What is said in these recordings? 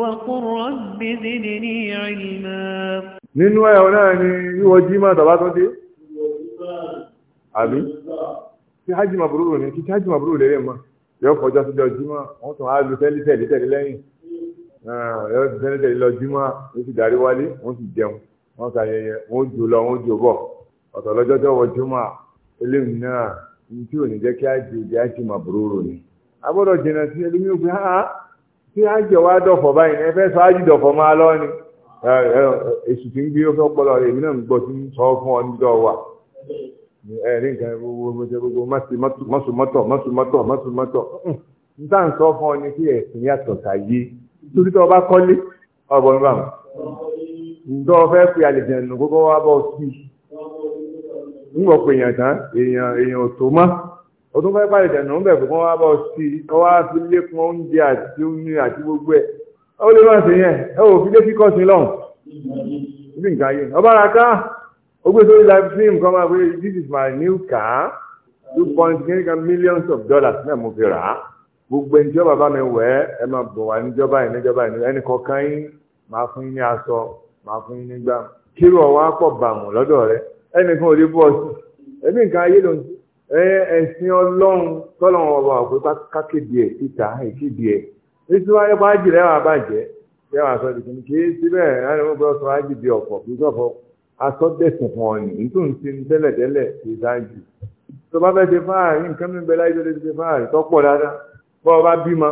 وقل رب زدني علما nínú ẹ̀ ọ̀nà ni wíwọ jímọ̀ tàbá tó dé àbí tí hajj mabrúrù ní kí hajj mabrúrù lè rè mọ́ yóò fọjọ́ síjọ jímọ̀ wọ́n tún á lu tẹ́lítẹ̀lí tẹ̀lé lẹ́yìn ah, yóò tún tẹ́lítẹ̀lí lọ jímọ̀ wọ́n sì darí wálé wọ́n sì jẹun wọ́n sàyẹyẹ wọ́n jò lọ wọ́n jò bọ̀ ọ̀tọ̀ lọ́jọ́ tó wọ jímọ̀ eléyìí náà ní kí á jẹ wá dọ̀fọ̀ báyìí ẹ fẹ́ sáájú dọ̀fọ̀ máa lọ ni èsù tí ń gbé ó fẹ́ pọ́lọ rẹ̀ èmi náà ń gbọ́ tí ń sọ fún ọ níjọ́ wà ẹ rí nǹkan gbogbo gbogbo gbogbo mọ́sùmọ́tọ̀ mọ́sùmọ́tọ̀ mọ́sùmọ́tọ̀ n tá à ń sọ fún ọ ni kí ẹ̀sìn yàtọ̀ káyé torí tó o bá kọ́lé ọ̀bọ̀ ń bà mọ́ ǹdọ́ ọ fẹ́ pe àlejò ẹ̀nù gbogbo wa bọ́ sí i ń gbọ́ pé èèyàn tán èèyàn èèyàn ò mọ́ ó tún fẹ́ pàdé tẹ̀nù ń bẹ̀ fún wọn wá bọ̀ sí i kọ́ wá fi lékun oúnjẹ àti omi àti gbogbo ẹ̀ ó lè má sí yẹn ẹ ò fi lé kíkọ́ sí lọ́hùn níbi nǹkan ayé ọba ara ká ó gbé sórí live stream kan máa pé this is my new car two point three millions of dollars náà mo fi rà á gbogbo ẹni jọba bá mi wẹ̀ ẹ́ ẹ máa bọ̀ wá níjọba yìí níjọba yìí ẹnì kọ̀ọ̀kan yín máa fún yín ní aṣọ máa fún yín ní gbà kírò ọwọ́ á pọ̀ bàmù lọ́dọ̀ rẹ ẹnì kan ò lè bú ọ sí ẹbí nǹkan ayé ló ń tún ẹ̀sìn ọlọ́run tọ́lọ́run ọba ọ̀pẹ kákéde ẹ̀ síta ìkéde ẹ̀ nítorí wáyé pa ájì rẹ̀ wà bàjẹ́ rẹ̀ wà sọ tuntun kì í sí bẹ́ẹ̀ láti wọ́n bọ́ sọ ájì di ọ̀pọ̀ kì í sọ̀fọ̀ aṣọ dẹ̀sùn fún ọ nì nítorí ti ń tẹ́lẹ̀ tẹ́lẹ̀ kì í sáájì tó bá fẹ́ ṣe fáàrí nǹkan mi bẹ láyé tó lè ṣe fáàrí tó pọ̀ dáadáa bọ́ ọba bímọ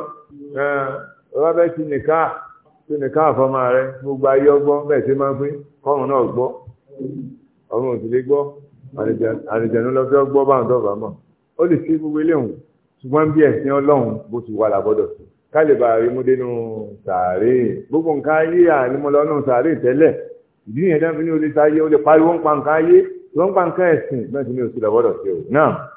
ọba fẹ́ ti nìka ti àlìjẹ̀nu lọ́fẹ́ gbọ́ bá ń dọ̀bà mọ̀ ó lè ṣe gbogbo eléhùn ṣùgbọ́n bí ẹ̀sìn ọlọ́run bó ti wà lábọ́dọ̀ kálíbà rímúdénú sàárè gbogbo nǹkan ayé ànímọ́lọ́nù sàárè tẹ́lẹ̀ ìdí nìyẹn dáńfin ní olè sáyé ó lè pariwo ń pa nǹkan ayé tó ń pa nǹkan ẹ̀sìn bẹ́ẹ̀ sì ni òsì lábọ́dọ̀ sí o náà.